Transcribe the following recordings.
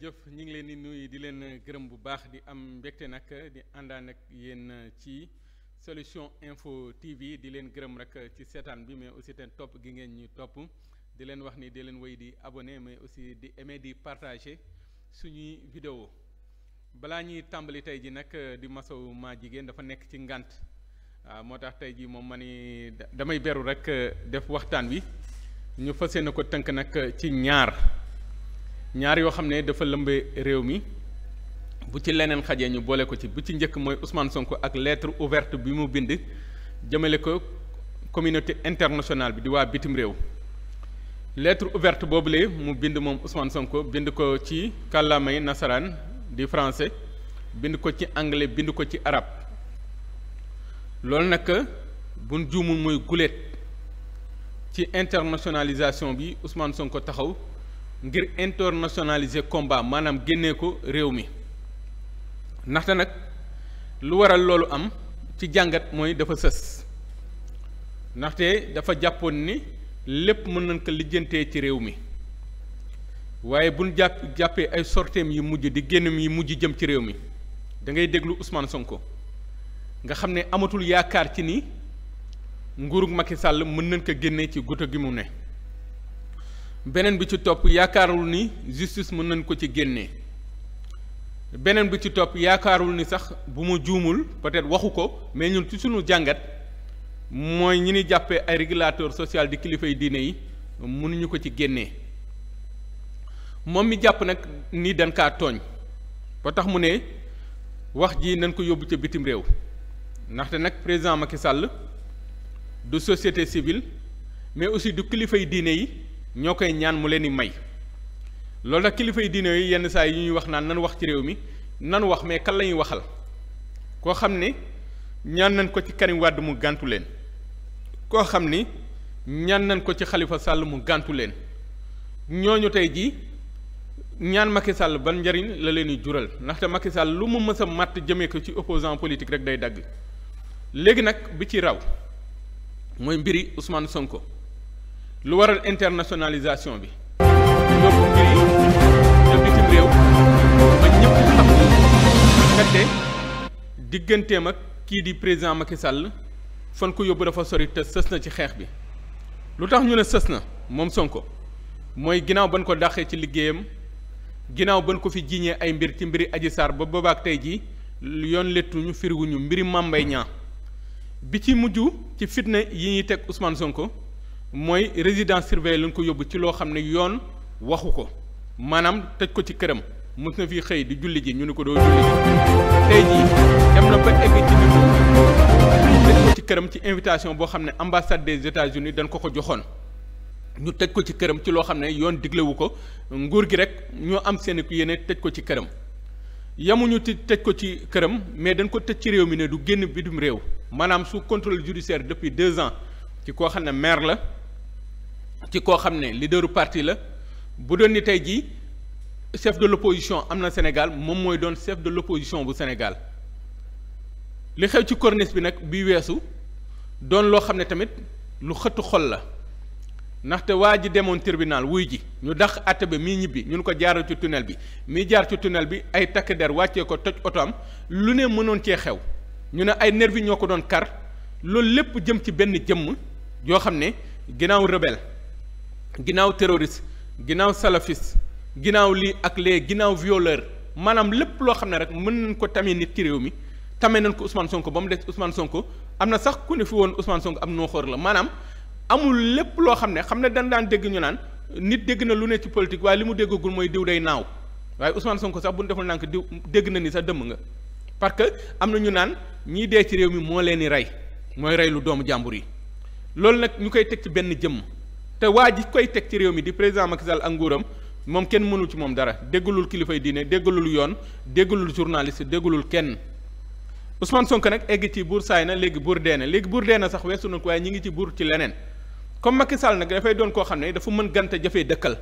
jëf ñu ngi leen di nuyu di leen gërëm bu baax di am mbégte nag di àndaan ak yéen ci solution info TV di leen gërëm rek ci seetaan bi mais aussi ten topp gi ngeen ñu topp di leen wax ni di leen woy di abone may aussi di emee di partager suñuy vidéo balaa ñuy tàmbali tey ji nag di masawu maa jigéen dafa nekk ci ngant waaw ah, moo tax tey ji moom ma ni damay beru rek def waxtaan wi ñu fa yéene ko tënk nag ci ñaar ñaar yoo xam ne dafa lëmbe réew mi bu ci leneen xajee ñu boole ko ci bu ci njëkk mooy Ousmane Sonko ak lettre ouverte bi mu bind jëmale ko communauté internationale bi di waa bitim réew lettre ouvert boobule mu bind moom Ousmane Sonko bind ko ci kàllaamay nasaraan di français bind ko ci anglais bind ko ci arab loolu nag bu juumul muy guléet ci internationalisation bi Ousmane Sonko taxaw ngir internationaliser komba maanaam génnee ko réew mi ndaxte nag lu waral loolu am ci jàngat mooy dafa sës ndaxte dafa jàppoon ni lépp mën nañ ko lijjantee ci réew mi waaye bu jàpp jàppee ay sorteem yu mujj di génnam yi mujj jëm ci réew mi da ngay déglu Ousmane ko nga xam ne amatul yaakaar ci ni nguurug Macky Sall mën nañ ko génnee ci goto gi mu ne beneen bi ci topp yaakaarul ni justice mën nañ ko ci génnee beneen bi ci topp yaakaarul ni sax bu mu juumul peut-être waxu ko mais ñun ci suñu jàngat mooy ñi ni jàppee ay régulateur social di kilifa yi diine yi mënuñu ko ci génnee moom mi jàpp nag ni dañ kaa tooñ ba tax mu ne wax ji nañ ko yóbbu ca bitim réew ndaxte nag président Macky sàll du société civile mais aussi du kilifa yi diine yi ñoo koy ñaan mu leen di may loolu nag kilifa yi diine yi yenn saa yi ñuy wax naan nan wax ci réew mi nan wax mais kan la ñuy waxal koo xam ni ñaan nañ ko ci Karim mu gàntu leen koo xam ni ñaan nañ ko ci xalifa sàll mu gàntu leen ñoo ñu tey jii ñaan Macky sàll ban njariñ la leen di jural ndaxte Macky sàll lu mu mësa a màtt jëmee ko ci opposant politique rek day dagg léegi nag bi ci raw mooy mbiri Ousmane Sonko. lu waral internationalisation bi yóbbu mbir yi ca bitim réew ba ñëpp xam ni kat digganteem ak kii di président Macky Sall fan ko yóbbu dafa sori te sës na ci xeex bi lu tax ñu ne sës na moom Sonko mooy ginnaaw ban ko dàqee ci liggéeyam ginnaaw ban ko fi jiiñee ay mbir ci mbiri aji Sarr ba boobaak tey jii yoon lettuñu firiwuñu mbiri Mame Mbaye bi ci mujj ci fitna yi ñuy teg Ousmane Sonko mooy résidence surveillée lañ ko yóbbu ci loo xam ne yoon waxu ko maanaam tëj ko ci këram mës na fi xëy di julli ji ñu ne ko doo julli ji tey dem na ba egg ci biir ci këram ci invitation boo xam ne ambassade des États-Unis dañ ko ko joxoon ñu tëj ko ci këram ci loo xam ne yoon diglewu ko nguur gi rek ñoo am seen ku yéene tëj ko ci këram yamuñu ci tëj ko ci këram mais dañ ko tëj ci réew mi ne du génn bitim réew maanaam su contrôle judiciaire depuis deux ans ci koo xam ne maire la ci koo xam ne leaderu parti la bu doon ni tey jii chef de l'opposition am na Sénégal moom mooy doon chef de l'opposition bu Sénégal li xew ci corniche bi nag bi weesu doon loo xam ne tamit lu xëttu xol la ndaxte waa ji demoon tribunal wuy ji ñu dax àtte bi mii ñibbi ñun ko jaaral ci tunnel bi mii jaar ci tunnel bi ay takk der wàccee ko toj oto am lu ne mënoon cee xew ñu ne ay nervi ñoo ko doon kar loolu lépp jëm ci benn jëmm yoo xam ne ginnaaw rebelle ginnaaw terroriste ginnaaw salafiste ginnaaw lii ak lee ginnaaw violeur maanaam lépp loo xam ne rek mën nañ ko tamee nit ci réew mi tamee nañ ko usman Sonko ba mu des Ousmane Sonko am na sax ku ne fi woon Ousmane Sonko am nooxoor la maanaam amul lépp loo xam ne xam ne dañ daan dégg ñu naan nit dégg na lu ne ci politique waaye li mu déggagul mooy diw day naaw waaye Ousmane Sonko sax bu ñu deful nànk diw dégg na ni sa dëmm nga parce que am na ñu naan ñiy dee ci réew mi moo leen di rey mooy rey doomu jàmbur yi loolu nag ñu koy teg ci benn jëmm. te waa ji koy teg ci réew mi di président Macky Sall ak nguuram moom kenn mënul ci moom dara déggalul kilifay diine déggalul yoon déggalul journaliste déggalul kenn Ousmane Sonko nag egg ci buur saay na léegi buur dee na léegi buur dee na sax weesu na ko waaye ñi ngi ci buur ci leneen comme Macky Sall nag dafay doon koo xam ne dafa mën gante jafee dëkkal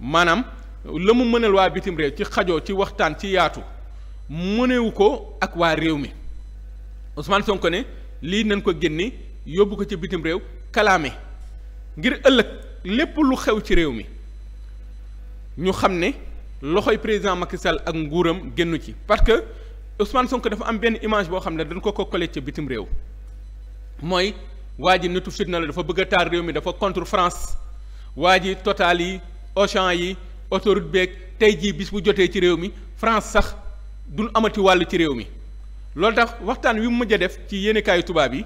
maanaam la mu mënal waa bitim réew ci xajoo ci waxtaan ci yaatu newu ko ak waa réew mi Ousmane sonk ne lii nañ ko génni yóbbu ko ci bitim réew kalaame ngir ëllëg lépp lu xew ci réew mi ñu xam ne loxoy président Macky Sall ak nguuram génn ci parce que Ousmane Sonko dafa am benn image boo xam ne dañ ko ko collé ca bitim réew mooy waa ji nitu na la dafa bëgg a taal réew mi dafa contre France waa ji Total yi Auchan yi autoroute beeg tey jii bis bu jotee ci réew mi France sax duñ amati wàll ci réew mi loolu tax waxtaan wi mu mujj a def ci yéenekaayu tubaab yi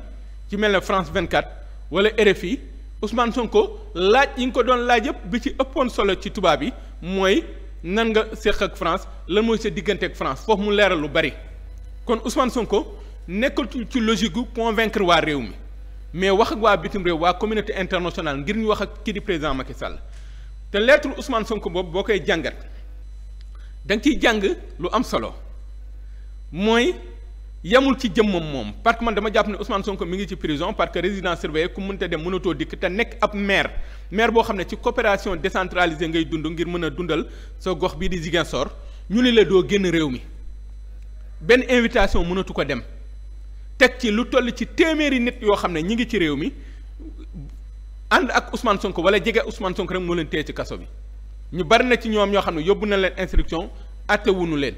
ci mel ne France 24 wala RFI. Ousmane Sonko laaj yi nga ko doon laaj yëpp bi ci ëppoon solo ci tubaab yi mooy nan nga séq ak France lan mooy sa diggante ak France foofu mu leeral lu bari kon Ousmane Sonko nekkatul ci logique gu convaincre waa réew mi mais wax ak waa bitim réew waa communauté internationale ngir ñu wax ak kii di président Macky Sall te lettre Ousmane Sonko boobu boo koy jàngat da nga ciy jàng lu am solo mooy. yemul ci jëmmam moom parce que man dama jàpp ne Ousmane Sonko mi ngi ci prison parce que résidence surveillée ku mënta dem mënatoo dikk te nekk ab maire maire boo xam ne ci coopération décentralisée ngay dund ngir mën a dundal sa gox bii di Ziguinchor ñu ni la doo génn réew mi benn invitation mënatu ko dem teg ci lu toll ci téeméeri nit yoo xam ne ñi ngi ci réew mi ànd ak Ousmane Sonko wala jege Ousmane Sonko rek moo leen téye ci kaso bi ñu bari na ci ñoom ñoo xam ne yóbbu na leen instruction àttewuñu leen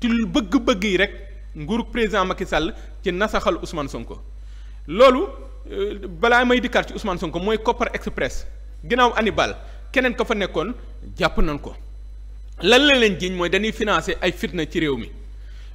te bëgg-bëgg yi rek. nguurug président Macky Sall ci nasaxal son ko loolu euh, balaa may dikkaat ci Ousmane Sonko mooy Kopar Express ginnaaw Hannibal keneen ko fa nekkoon jàpp nañ ko lan la leen jiñ mooy dañuy financer ay fitna ci réew mi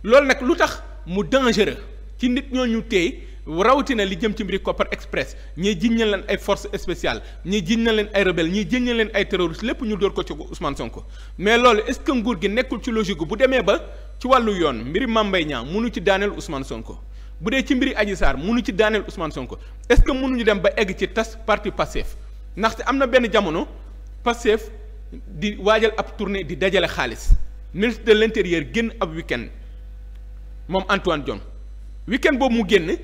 loolu nag lu tax mu dangereux ci nit ñoo ñu téye rawatina li jëm ci mbiri Kopar Express ñi jiñ na leen ay force espéciale ñi jiñ na leen ay rebelle ñii jiñ na leen ay terroriste lépp ñu door ko ci Ousmane Sonko mais loolu est que nguur gi nekkul ci logique bu demee ba ci wàllu yoon mbiri Mame Mbaye Niang ci daaneel Ousmane Sonko bu dee ci mbiri Adji Sarr munu ci daaneel Ousmane Sonko est-ce que mënuñu dem ba egg ci tas parti Pastef ndaxte am na benn jamono Pastef di waajal ab tournée di dajale xaalis ministre de l'intérieur génn ab week-end moom Antoine Diome week-end boobu mu génn.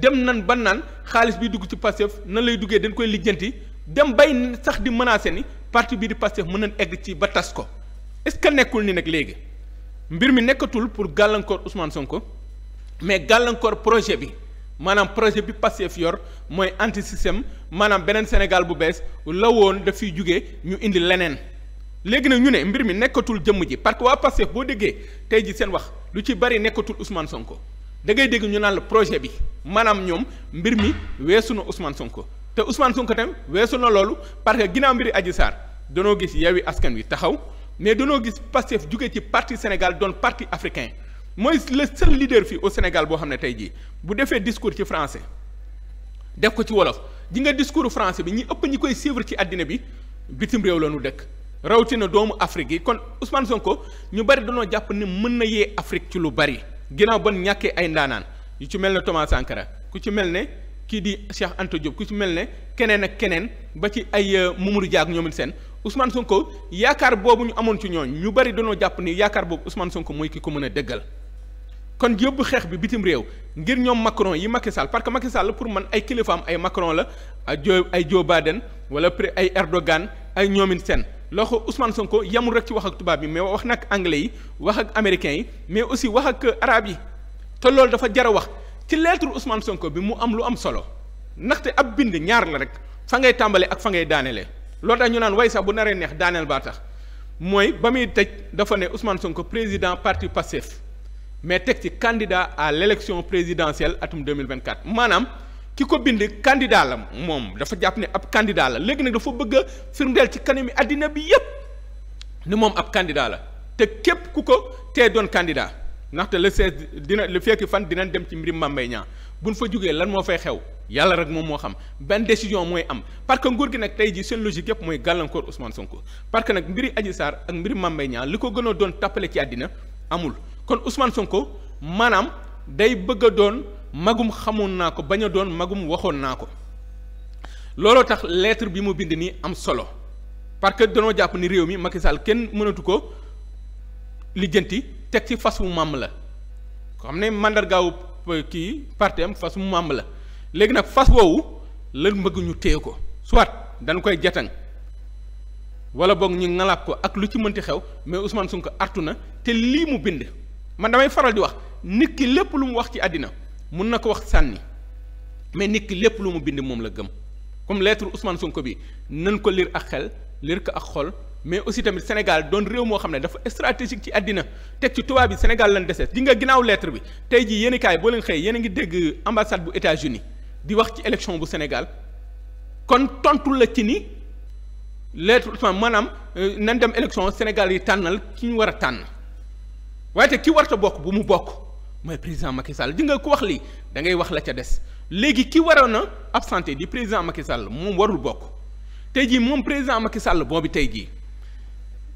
dem nan ba naan xaalis bi dugg ci Pastef na lay duggee dañ koy lijjanti dem bay sax di menacer ni parti bii di Pastef mën nañ egg ci ba tas ko est-ce que nekkul ni nag léegi mbir mi nekkatul pour gàllankoor Ousmane Sonko mais gàllankoor projet bi maanaam projet bi Pastef yor mooy anti système maanaam beneen Sénégal bu bees la woon daf fiy jugee ñu indi leneen léegi nag ñu ne mbir mi nekkatul jëmm ji parce que waa Pastef boo déggee tey ji seen wax lu ci bari nekkatul Ousmane Sonko. da ngay dégg ñu naan la projet bi maanaam ñoom mbir mi weesu na Ousmane Sonko te Ousmane Sonko tamit weesu na loolu parce que ginnaaw mbiri Adji Sarr danoo gis Yewwi Askan Wi taxaw mais danoo gis Pastef jóge ci parti Sénégal doon parti africain mooy le seul leader fii au Sénégal boo xam ne tey jii bu defee discours ci français def ko ci wolof ji nga discours français bi ñi ëpp ñi koy suivre ci àddina bi bitim réew la ñu dëkk rawatina doomu Afrique yi kon Ousmane Sonko ñu bari danoo jàpp ne mën na yee Afrique ci lu bari. ginnaaw ban ñàkkee ay ndaanaan yu ci mel ne Thomas Sankara ku ci mel ne kii di Cheikh Anta Diop ku ci mel ne keneen ak keneen ba ci ay euh, Mamadou Dia ak ñoom seen Ousmane Sonko yaakaar boobu ñu amoon ci ñooñ ñu bari dañoo jàpp ni yaakaar boobu usman Sonko mooy ki ko mën a dëggal kon yóbbu xeex bi bitim réew ngir ñoom Macron yi Macky Sall parce que Macky Sall pour man ay kilifaam ay Macron la ay Joe ay Joe Biden wala ay Erdogan ay ñoomin seen loxo Ousmane Sonko yamul rek ci wax ak tubaab bi mais wax nag anglais yi wax ak américains yi mais aussi wax ak araab yi te loolu dafa jar a wax ci lettre Ousmane Sonko bi mu am lu am solo ndaxte ab bind ñaar la rek fa ngay tàmbalee ak fa ngay daaneele loolu tax ñu naan way sax bu naree neex daaneel baa tax mooy ba muy tëj dafa ne Ousmane Sonko président parti Pastef mais teg ci candidat à l' élection présidentielle atum 2024 maanaam. ki ko bind candidat la moom dafa jàpp ne ab candidat la léegi nag dafa bëgg a firndeel ci kanami àddina bi yépp ni moom ab kandidaa la te képp ku ko tee doon candidat ndaxte la 16 dina lu fekki fan dinañ dem ci mbirim Mame Mbaye bu buñ fa jógee lan moo fay xew yàlla rek moom moo xam benn décision mooy am parce que nguur gi nag tey jii seen logique yëpp mooy gàllankoor Ousmane Sonko parce que nag mbiri Adji Sarr ak mbiri Mame Mbaye li ko gën a doon tappale ci àddina amul kon Ousmane Sonko maanaam day bëgg a doon magum xamoon naa ko bañ a doon magum waxoon naa ko looloo tax lettre bi mu bind nii am solo parce que danoo jàpp ni réew mi Macky Sall kenn mënatu ko lijjanti teg ci fas wu màmm la ko ne mandargaawu kii parti am fas la léegi nag fas woowu lan bëgg ñu téye ko soit dañ koy jatan wala boog ñu ngalaab ko ak lu ci mënti xew mais Ousmane Sonko artu na te lii mu bind man damay faral di wax nit ki lépp lu mu wax ci àddina mun na ko wax sànni mais nit lépp lu mu bind moom la gëm comme lettre Ousmane Sonko bi nan ko liir ak xel lire ko ak xol mais aussi tamit Sénégal doon réew moo xam ne dafa stratégique ci àddina teg ci tubaab bi Sénégal lan desees di nga ginnaaw lettre bi tey jii yéen kaay boo leen xëy yéen a ngi dégg ambassade bu états uni di wax ci élection bu Sénégal kon tontu la ci ni lettre Ousmane maanaam euh, nan dem élection Sénégal yi tànnal ki ñu war a tànn waaye te ki warta bokk bu mu bokk. mooy président Macky Sall di nga ku wax lii dangay wax la ca des léegi ki waroon a absenté di président Macky Sall moom warul bokk tey jii moom président Macky Sall boobu tey jii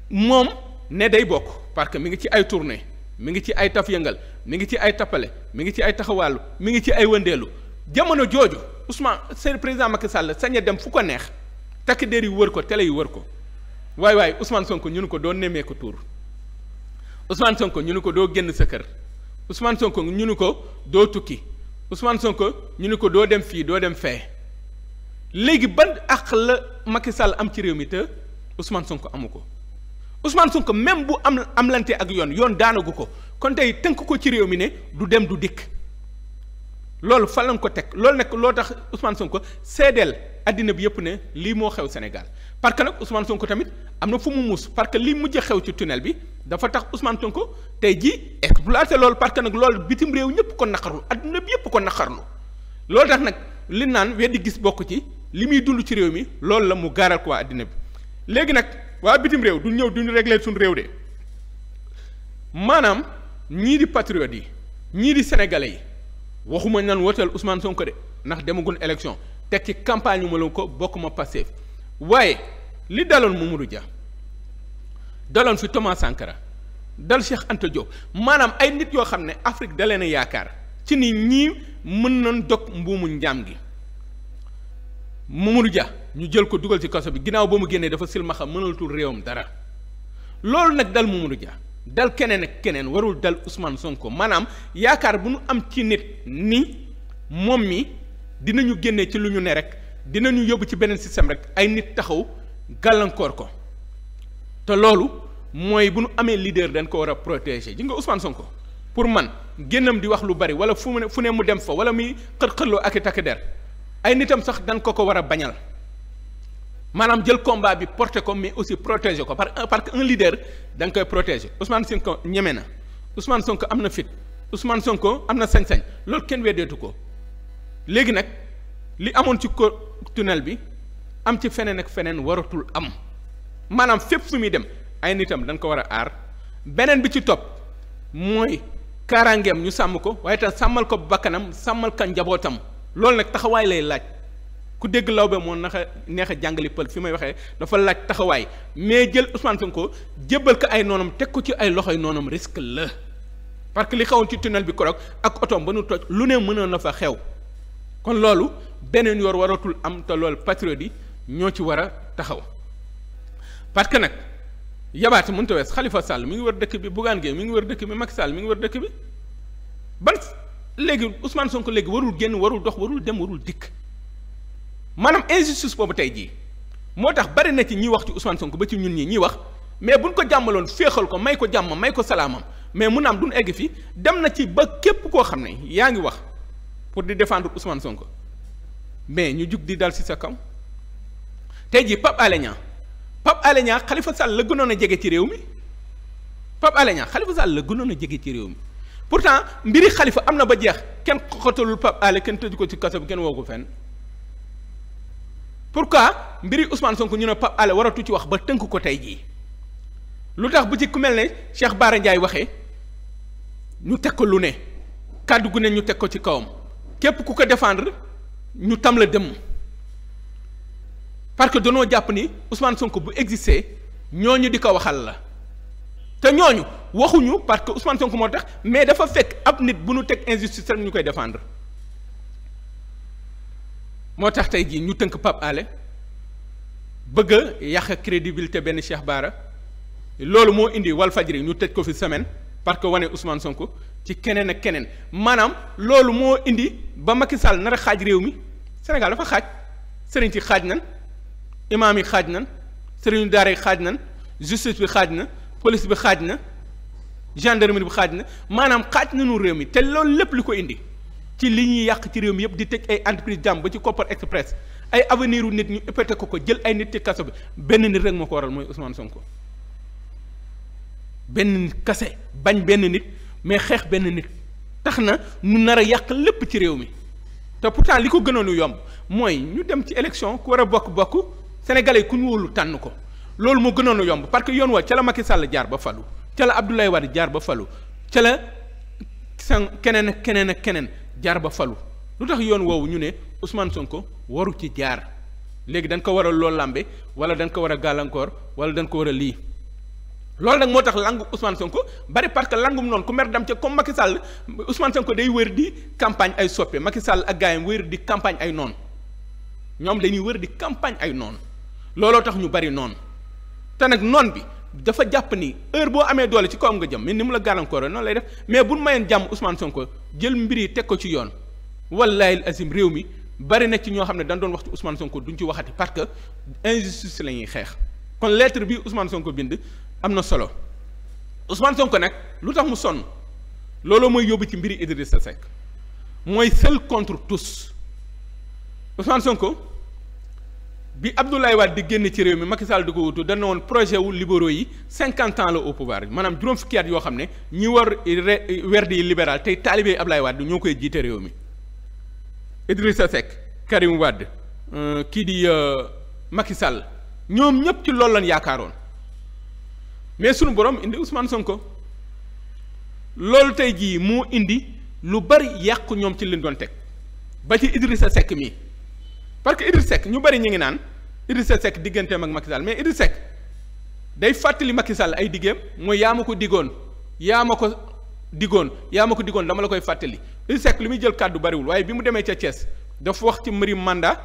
moom ne day bokk parce que mi ngi ci ay tournée mi ngi ci ay taf yëngal mi ngi ci ay tappale mi ngi ci ay taxawaalu mi ngi ci ay wëndeelu jamono jooju Ousmane seen président Macky Sall sañ dem fu ko neex takk der yi wër ko télé yi wër ko waaye waaye Ousmane Sonko ñu ko doo nemmee ko tuur Ousmane Sonko ñu ne ko doo génn sa kër. Ousmane Sonko ñu ni ko doo tukki Ousmane sonk ñu ni ko doo dem fii doo dem fee léegi ban àq la Macky Sall am ci réew mi te Ousmane Sonko amu ko Ousmane Sonko même bu am amlante ak yoon yoon daanagu ko kon tey tënk ko ci réew mi ne du dem du dikk loolu fan lañ ko teg loolu nekk loo tax Ousmane Sonko seedeel addina bi yëpp ne lii moo xew Sénégal parce que nag Ousmane Sonko tamit am na fu mu muus parce que lii mujj xew ci tunnel bi. dafa tax Ousmane Sonko tey jii exploité loolu parce que nag loolu bitim réew ñëpp ko naqarlu adduna bi yëpp ko naqarlu loolu tax nag li naan weddi gis bokk ci li muy dund ci réew mi loolu la mu gaaral ko waa adduna bi léegi nag waa bitim réew du ñëw du ñu suñu réew de maanaam ñii di patriotes yi ñii di sénégalais yi waxuma nan woteel Ousmane Sonko de ndax demagun élection te ci campagne yu ma la ko bokkuma Pastef waaye li daloon Mamadou Dia daloon fi Thomas sànkara dal Cheikh Anta Diop maanaam ay nit yoo xam ne Afrique da leen a yaakaar ci ni ñii mën nañ dog mbuumu njaam gi Mamadou ja ñu jël ko dugal ci kaso bi ginnaaw ba mu génnee dafa silmaxa mënatul réewam dara loolu nag dal Mamadou Dia dal keneen ak keneen warul dal Ousmane Sonko maanaam yaakaar bu nu am ci nit ni moom mi dinañu génnee ci lu ñu ne rek dina ñu yóbbu ci beneen système rek ay nit taxaw gàllankoor ko te loolu mooy bu nu amee leader dañ ko war a protéger ji nga Ousmane Sonko pour man génnam di wax lu bari wala fu mu ne fu ne mu dem fa wala muy xër-xërloo ak i takk der ay nitam sax dañ ko ko war a bañal maanaam jël combat bi porté ko mais aussi protéger ko par parce que un leader da nga koy protéger Ousmane ko ñeme na Ousmane Sonko am na fit Ousmane Sonko am na sañ-sañ loolu kenn weddeetu ko léegi nag li amoon ci ko tunnel bi am ci feneen ak feneen waratul am maanaam fépp fu muy dem. ay nitam dañ ko war a aar beneen bi ci topp mooy kaaraangeem ñu sàmm ko waaye tam sàmmal ko bakkanam sàmmal ko njabootam loolu nag taxawaay lay laaj ku dégg lawbe moo naxa neex a jàngali pël fi may waxee dafa laaj taxawaay mais jël Ousmane ko jébbal ko ay noonam teg ko ci ay loxoy noonam risque la parce que li xawoon ci tunnel bi korog ak otoom ba nu toj lu ne mënoon na fa xew kon loolu beneen yoor waratul am te loolu patriote yi ñoo ci war a taxaw que nag yabaate mënta wees Khalifa Sall mi ngi wër dëkk bi Bougane Gueye mi ngi wër dëkk bi Macky Sall mi ngi wër dëkk bi ban léegi usmaan Sonko léegi warul génn warul dox warul dem warul dikk maanaam injustice boobu tey jii moo tax bari na ci ñiy wax ci Ousmane Sonko ba ci ñun ñi ñiy wax mais buñ ko jàmmaloon féexal ko may ko jàmm may ko salaamam mais mun am duñ egg fi dem na ci ba képp koo xam ne yaa ngi wax pour di défendre Ousmane Sonko mais ñu jug di dal ci sa kaw tey jii Pape Pape Alé xalifa Khalifa Sall la gënoon a jege ci réew mi Pape Alé Niang Khalifa Sall la gënoon a jege ci réew mi pourtant mbiri xalifa am na ba jeex kenn xoxatalul Pape Alé kenn tëj ko ci kaso bi kenn woo ko fenn pourquoi mbiri Ousmane Sonko ñu ne Pape Alé waratu ci wax ba tënk ko tey jii lu tax bu ci ku mel ne Cheikh Bara Ndiaye waxee ñu teg ko lu ne kàddu gu ne ñu teg ko ci kawam képp ku ko défendre ñu tam la dem. parce que danoo jàpp ni Ousmane Sonko bu existé ñooñu di ko waxal la te ñooñu waxuñu parce que Ousmane Sonko moo tax mais dafa fekk ab nit bu nu teg injustice rek ñu koy défendre moo tax tey jii ñu tënk Pape Alé bëgg a yàq crédibilité benn Cheikh Bara loolu moo indi Walfadjri ñu tëj ko fi semaine parce que wane Ousmane Sonko ci keneen ak keneen maanaam loolu moo indi ba Macky Sall nar a xaaj réew mi Sénégal dafa xaaj sëriñ ci xaaj nan imaam yi xaaj nan sëriñu daara yi xaaj nan justice bi xaaj na police bi xaaj na gendarmerie bi xaaj na maanaam xaaj nañu réew mi te loolu lépp li ko indi ci li ñuy yàq ci réew mi yëpp di tëj ay entreprise jàmm ba ci Kopar Express ay avenir nit ñu ëppate ko ko jël ay nit ci kaso bi benn nit rek moo ko waral mooy Ousmane Sonko benn nit kase bañ benn nit mais xeex benn nit tax na ñu nar a yàq lépp ci réew mi te pourtant li ko gënoon yomb mooy ñu dem ci élection ku a bokk-bokk. sénégalais ku ñu wóolu tànn ko loolu moo gënoon a yomb parce que yoon wa ca la Macky Sall jaar ba falu ca la Abdoulaye Wade jaar ba falu ca la san keneen ak keneen ak keneen jaar ba falu lu tax yoon woowu ñu ne Ousmane Sonko waru ci jaar léegi dañ ko war a lool làmbe wala dañ ko war a gàllankoor wala dañ ko war a lii loolu nag moo tax langu Ousmane Sonko bari parce que langum noonu ku mer dam ca comme Macky Sall Ousmane Sonko day wër di campagne ay soppe Macky Sall ak gaayam wër di campagne ay noonu ñoom dañuy wër di campagne ay noonu looloo tax ñu bari noonu te nag noon bi dafa jàpp ni heure boo amee doole ci kawam nga jëm mais ni mu la a noonu lay def mais bu mayeen jàmm Ousmane Sonko jël mbir yi teg ko ci yoon wallahi azim réew mi bari na ci ñoo xam ne dañ doon wax ci Ousmane Sonko duñ ci waxati parce que injustice la ñuy xeex kon lettre bi Ousmane Sonko bind am na solo Ousmane Sonko nag lu tax mu sonn looloo mooy yóbbu ci mbiri Idrissa Seck mooy seul contre tous Ousmane Sonko. bi Abdoulaye Wade di génn ci réew mi Macky Sall di ko wutu dana woon projet wu libéraux yi cinquante ans la au pouvoir maanaam juróom fukki at yoo xam ne ñi war werd yi libéral tey taalibe Abdoulaye Wade ñoo koy jiite réew mi Idrissa Seck Karim Wade euh, kii di euh, Macky Sall ñoom ñëpp ci loolu lañ yaakaaroon mais sunu borom indi son ko loolu tey jii moo indi lu bari yàq ñoom ci leen doon teg ba ci Idrissa Seck mii parce que Idrissa Seck ñu bari ñu ngi naan. Idrissa Seck digganteem ak Macky Sall mais Idrissa Seck day fàttali Macky Sall ay diggeem mooy yaama ko diggoon yaa ma ko diggoon yaa ma ko diggoon dama la koy fàttali Idrissa Seck li muy jël kàddu bariwul waaye bi mu demee ca Thiès dafa wax ci mbiri mandat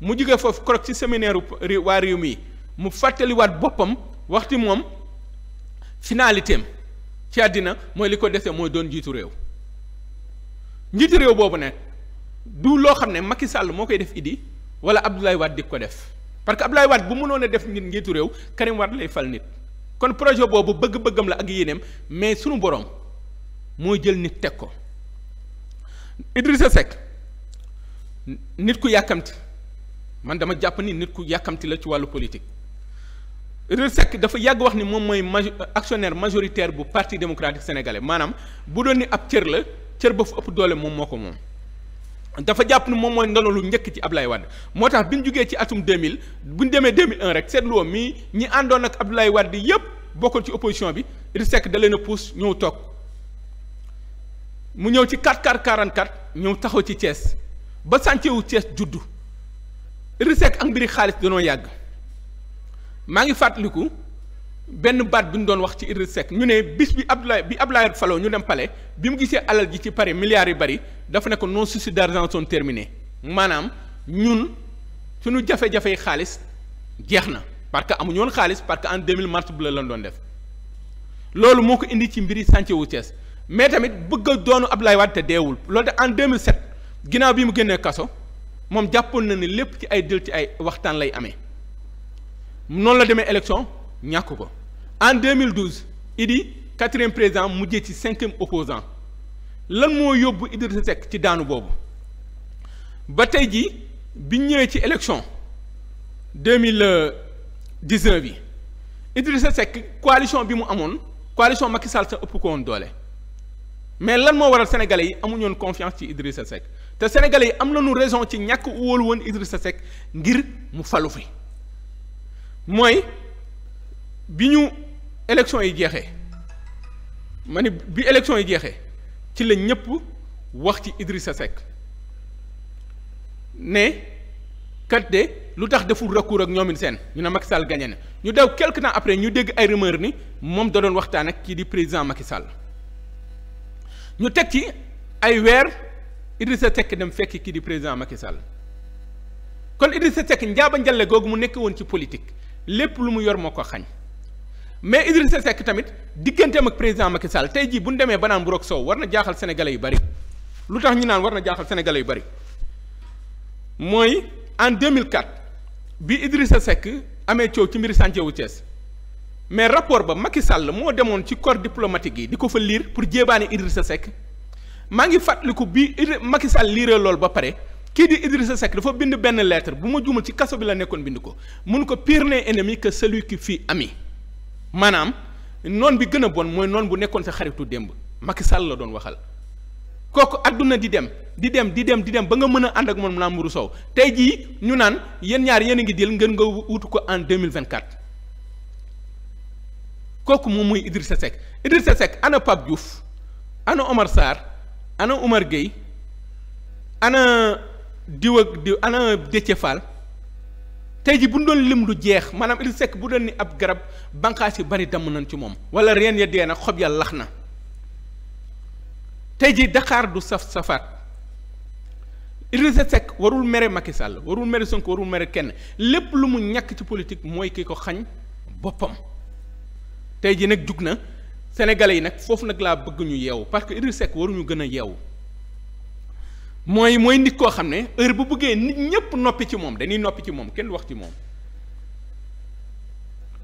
mu jóge foofu krog ci séminaire waa réew mi mu fàttaliwaat boppam waxti moom finalité ci àddina mooy li ko desee mooy doon njiitu réew njiitu réew boobu nag du loo xam ne Macky Sall moo koy def idi wala Abdoulaye waat di ko def parce que Abdoulaye waat bu mënoon a def nit njiitu réew Karim Wade lay fal nit kon projet boobu bëgg-bëggam la ak yéeneem mais sunu borom moo jël nit teg ko Idrissa Seck nit ku yàkkamti man dama jàpp ni nit ku yàkkamti la ci wàllu politique Idrissa Seck dafa yàgg wax ni moom mooy majo actionnaire majoritaire bu parti démocratique sénégalais maanaam bu doon ni ab cër la cër ba fu ëpp doole moom moo ko moom. dafa jàpp ne moom mooy ndono lu njëkk ci ab lay Wade moo tax bi ñu jugee ci atum 2000 bu ñu demee 2001 rek seetlu woon mii ñi àndoon ak Abdoulaye Wade yépp bokkoon ci opposition bi Idrissa Seck da leen a pousse ñëw toog mu ñëw ci 4-4-44 ñëw taxaw ci cees ba chantier wu Thiès juddu Idrissa Seck ak mbiri xaalis danoo yàgg maa ngi fàttaliku. benn baat bi ñu doon wax ci Idriss Seck ñu ne bis bi ab Abdoulaye bi Abdoulaye falo ñu dem palais bi mu gisee alal ji ci Paris milliards yu bari dafa ne ko nos soucis d'argent sont terminés maanaam ñun suñu jafe-jafey xaalis jeex na parce que amuñu woon xaalis parce que en 2000 mars bu la lañ doon def loolu moo ko indi ci mbiri chantier wu Thiès mais tamit bëgg a doonu Abdoulaye Wade te deewul loolu de en 2007 ginnaaw bi mu génnee kaso moom jàppoon na ne lépp ci ay dël ci ay waxtaan lay amee noonu la demee élection ñàkk ko. en 2012 Idi quatrième président mujjee ci cinquième opposant lan moo yóbbu Idrissa Seck ci daanu boobu ba tey jii biñ ñëwee ci élection 2019 bi sa Seck coalition bi mu amoon coalition Macky Sall sa ëpp ko woon doole mais lan moo waral sénégalais yi amu ñoon confiance ci sa Seck te sénégalais yi am nañu raison ci ñàkk wóolu woon sa Seck ngir mu falu fi mooy bi ñu. élection yi jeexee ma ni bi élection yi jeexee ci la ñëpp wax ci Idrissa Seck ne kat de lu tax deful recours ak ñoom seen ñu ne Macky Sall gagné na ñu dew quelque temps après ñu dégg ay rumeur ni moom da doon waxtaan ak kii di président Macky Sall ñu teg ci ay weer Idrissa Seck dem fekk kii di président Macky Sall kon Idrissa Seck njaaba njale googu mu nekk woon ci politique lépp lu mu yor moo ko xañ mais Idrissa Seck tamit digganteem ak président Macky Sall tey jii bu ñu demee ba naan bu soow war na jaaxal sénégalais yu bari lu tax ñu naan war na jaaxal sénégalais yu bari mooy en 2004 bi Idrissa Seck amee coow ci mbiri chantier wu Thiès mais rapport ba Macky Sall moo demoon ci corps diplomatique yi di ko fa liir pour jéebaane Idrissa Seck maa ngi fàttaliku bi Macky Sall liiree loolu ba pare kii di Idrissa Seck dafa bind benn lettre bu ma jumal ci kaso bi la nekkoon bind ko mun ko pire ennemi que celui qui fut ami. maanaam noon bi gën a bon mooy noon bu nekkoon sa xaritu démb Macky Sall la doon waxal kooku àdduna di dem di dem di dem di dem ba nga mën a ànd ak moom naa mburu sow tey jii ñu naan yéen ñaar yéen a ngi dil ngeen nga wutu ko en 2024 kooku moom mooy Idrissa Seck sa Seck ana Pape Diouf ana Omar Sarr ana Omar Gueye ana diw di diw ana Déthié Fall tey ji bu ñu doon lim du jeex maanaam il sekk bu doon ni ab garab bànqaas yi bari damm nañ ci moom wala reen ya dee na xob ya lax na tey ji daqaar du saf safaat Idrissa Seck warul mere Macky Sall warul mere Sonko warul mere kenn lépp lu mu ñàkk ci politique mooy ki ko xañ boppam tey ji nag jug na sénégalais yi nag foofu nag laa bëgg ñu yeewu parce que Idrissa Seck waruñu gën a yeewu mooy mooy nit koo xam ne heure bu bëggee nit ñépp noppi ci moom dañuy noppi ci moom kenn wax ci moom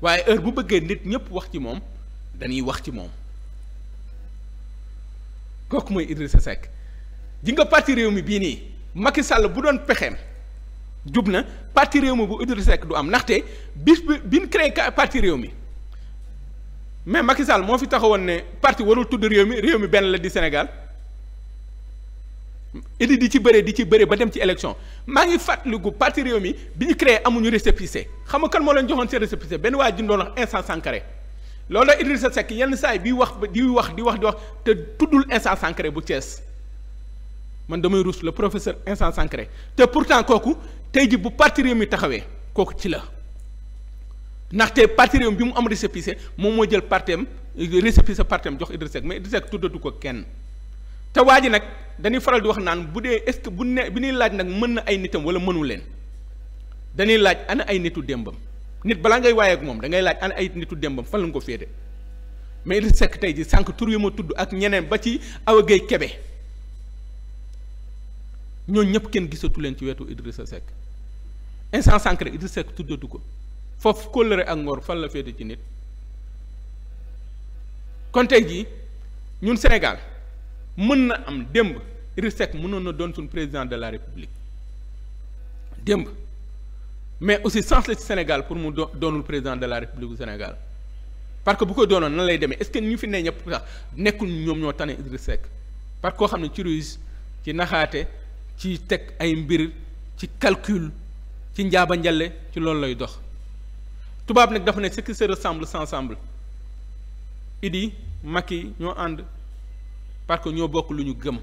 waaye heure bu bëggee nit ñépp wax ci moom dañuy wax ci moom kooku mooy Idrissa Seck ji nga parti réew mi bii nii Macky Sall bu doon pexeem jub na parti réew mi bu Idrissa Seck du am ndaxte bis bi biñ créé parti réew mi mais Macky moo fi taxawoon ne parti warul tudd réew mi réew mi benn la di Sénégal idi di ci bëre di ci bëre ba dem ci élection maa ngi fàttaliku parti réew mi bi ñu créé amuñu récépissé xam nga kan moo leen joxoon seen récépissé benn waa ji doon wax instant Sankaré loolu la sa Seck yenn saa yi bi wax di wax di wax di wax te tuddul instant Sankaré bu Thiès man damay ruus le professeur instant Sankaré te pourtant kooku tey ji bu parti réew taxawee kooku ci la ndaxte parti réew mi bi mu am récépissé moom moo jël partem récépissé partem jox Idrissa mais Idrissa Seck ko kenn te waa ji nag dañuy faral di wax naan bu dee est-ce que bu ne bu ñuy laaj nag mën na ay nitam wala mënu leen dañuy laaj ana ay nitu démbam nit balaa ngay waaye ak moom da ngay laaj ana ay nitu démbam fan la nga ko féete mais il sekk tey ji sànq tur yi ma tudd ak ñeneen ba ci Awa Gueye Kébé ñooñu ñëpp kenn gisatu leen ci wetu Idrissa Seck instant sànq rek Idrissa Seck tuddatu ko foofu kóllëre ak ngor fan la féete ci nit kon tey jii ñun Sénégal mën na am démb Idrissa Seck mënoon na doon président de la république démb mais aussi sens la ci Sénégal pour mu doonul président de la république Sénégal parce que bu ko doonoon na lay demee est-ce que ñu fi ne ñëpp sax nekkul ñoom ñoo tane Idrissa Seck parce que koo xam ne ci ruise ci naxaate ci teg ay mbir ci calcul ci njaaba njale ci loolu lay dox tubaab nag dafa ne ce qui se ressemble s'ensemble Idi Macky ñoo ànd parce que ñoo bokk lu ñu gëm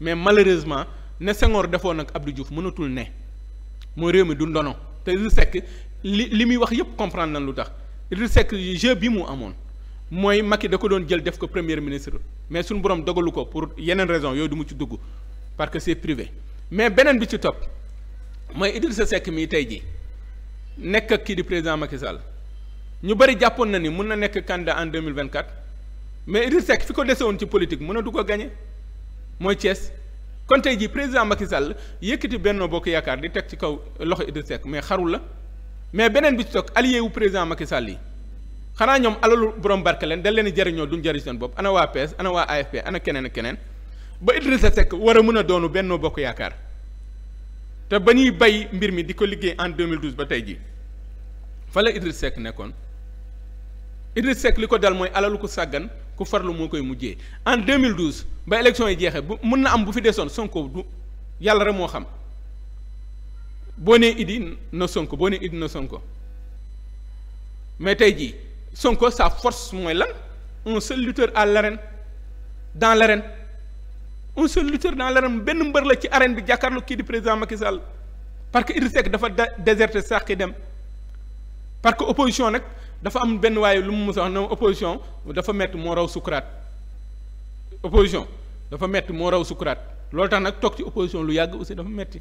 mais malheureusement ne Senghor defoon ak Abdou Diouf mënatul ne mooy réew mi du ndono te Idriss Seck li li muy wax yëpp comprendre nañ lu tax Idriss Seck jeu bi mu amoon mooy yi da ko doon jël def ko premier ministre mais suñu borom dogalu ko pour yeneen raison yooyu du mu ci dugg parce que c'est privé mais beneen bi ci topp mooy Idrissa Seck mii tey jii nekk ak kii di président Macky Sall ñu bëri jàppoon na ni mun na nekk candidat en deux mille vingt-quatre mais Idriss Seck fi ko dese woon ci politique mën a du ko gañe mooy Thiès kon tey jii président Macky Sall yëkkati Benno Bokk Yaakaar di teg ci kaw loxo Idriss Seck mais xarul la mais beneen bi ci toog allié wu président Macky Sall yi xanaa ñoom alalu borom barke leen dañ leen jariñoo du jariñ bopp ana waa PS ana waa AFP ana keneen a keneen ba Idrissa Seck war a mën a doonu Benno Bokk Yaakaar te ba ñuy bay mbir mi di ko liggéey en 2012 ba tey jii fala i Idrissa nekkoon Idrissa Seck ko dal mooy alalu ko sàggan ku farlu moo koy mujjee en 2012 ba élection yi jeexee bu mën na am bu fi desoon Sonko du yàlla rek moo xam boo nee Idi na Sonko boo nee Idi na Sonko mais tey jii Sonko sa force mooy lan un seul lutteur à l'arène dans l'arène un seul lutteur dans l'arène benn mbër la ci arène bi jàkkaarloo kii di président Macky Sall parce que Idrissa Seck dafa déserté sax ki dem parce que opposition nag. dafa am benn waaye lu mu mës a wax noonu opposition dafa métti moo raw sukuraat opposition dafa métti moo raw sukuraat loolu tax nag toog ci opposition lu yàgg aussi dafa métti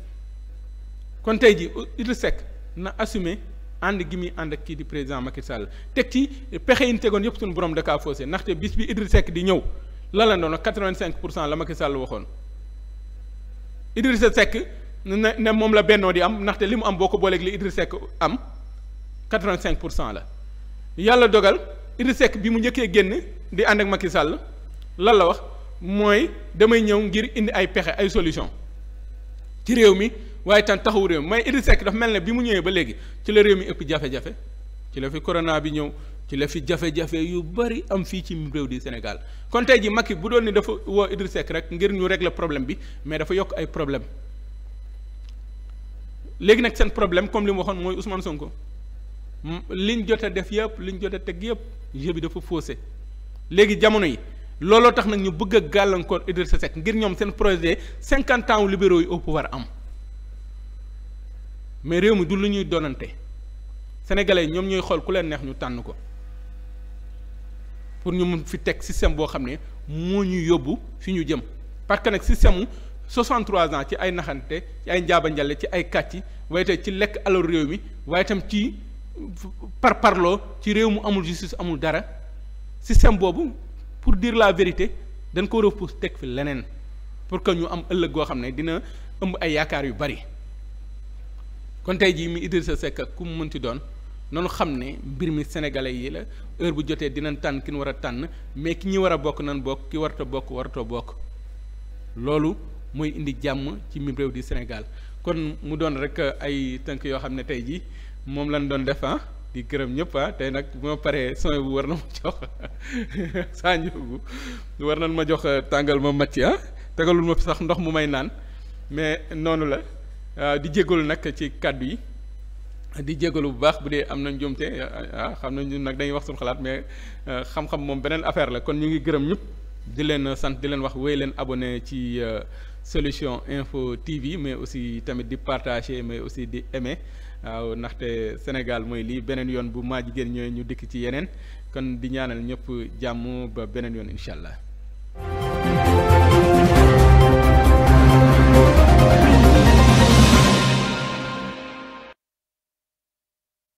kon tey ji Idrissa sekk na assumer ànd gi muy ànd ak kii di président Macky Sall teg ci pexe yi tegoon yëpp suñu borom da kaa ndaxte bis bi Idrissa Seck di ñëw la la doon quatre-vingt-cinq pour cent la Macky Sall waxoon Idrissa Seck ne ne moom la bennoo di am ndaxte li mu am boo ko booleeg li Idrissa Seck am quatre-vingt-cinq pour cent la. yàlla dogal Idrissa sekk bi mu njëkkee génn di ànd ak Macky sàll lan la wax mooy damay ñëw ngir indi ay pexe ay solution ci réew mi waaye tan taxawu réew mi mooy Idrissa dafa mel ne bi mu ñëwee ba léegi ci la réew mi ëpp jafe-jafe ci la fi corona bi ñëw ci la fi jafe-jafe yu bari am fii ci réew di Sénégal kon tey ji Macky bu doon ni dafa woo Idrissa Seck rek ngir ñu régler problème bi mais dafa yokk ay problème léegi nag seen problème comme li mu waxoon mooy Ousmane Sonko. liñ jot a def yëpp liñ jot a teg yëpp jeu bi dafa faussé léegi jamono yi looloo tax nag ñu bëgg gàllankoor gàllankoor Idrissa Seck ngir ñoom seen projet cinquante ans libéraux yi au pouvoir am mais réew mi du lu ñuy donante sénégalais ñoom ñooy xool ku leen neex ñu tànn ko pour ñu mun fi teg système boo xam ne moo ñu yóbbu fi ñu jëm parce que nag système mu 63 ans ci ay naxante ci ay njaaba njale ci ay kàcci waaye ci lekk alalu réew mi waaye itam ci. par parloo ci réew mu amul justice amul dara système boobu pour dire la vérité dañ ko repousse teg fi leneen pour que ñu am ëllëg goo xam ne dina ëmb ay yaakaar yu bari kon tey jii mi sa Seck ku mu mënti doon noonu xam ne mbir mi sénégalais yi la heure bu jotee dinañ tànn ki ñu war a tànn mais ki ñi war a bokk nan bokk ki warta bokk waratoo bokk loolu mooy indi jàmm ci mi réew di Sénégal kon mu doon rek ay tënk yoo xam ne tey jii moom lañ doon def ah di gërëm ñëpp ah tey nag bu ma paree soin bu war na ma jox saa njëgu war nañ ma jox euh, tàngal ma màcc ah tegalul ma sax ndox mu may naan mais noonu la euh, di jégalu nag ci kàddu yi di jégalu bu baax bu dee am na njuumte euh, ah xam na ñun nag dañuy wax suñu xalaat mais xam-xam moom beneen affaire la kon ñu ngi gërëm ñëpp di leen sant di leen wax wéy leen abone ci solution info TV mais aussi tamit di partager mais aussi di aimer. waaw ndaxte Sénégal mooy lii beneen yoon bu maa jigéen ñooy ñu dikk ci yeneen kon di ñaanal ñëpp jàmm ba beneen yoon incha allah.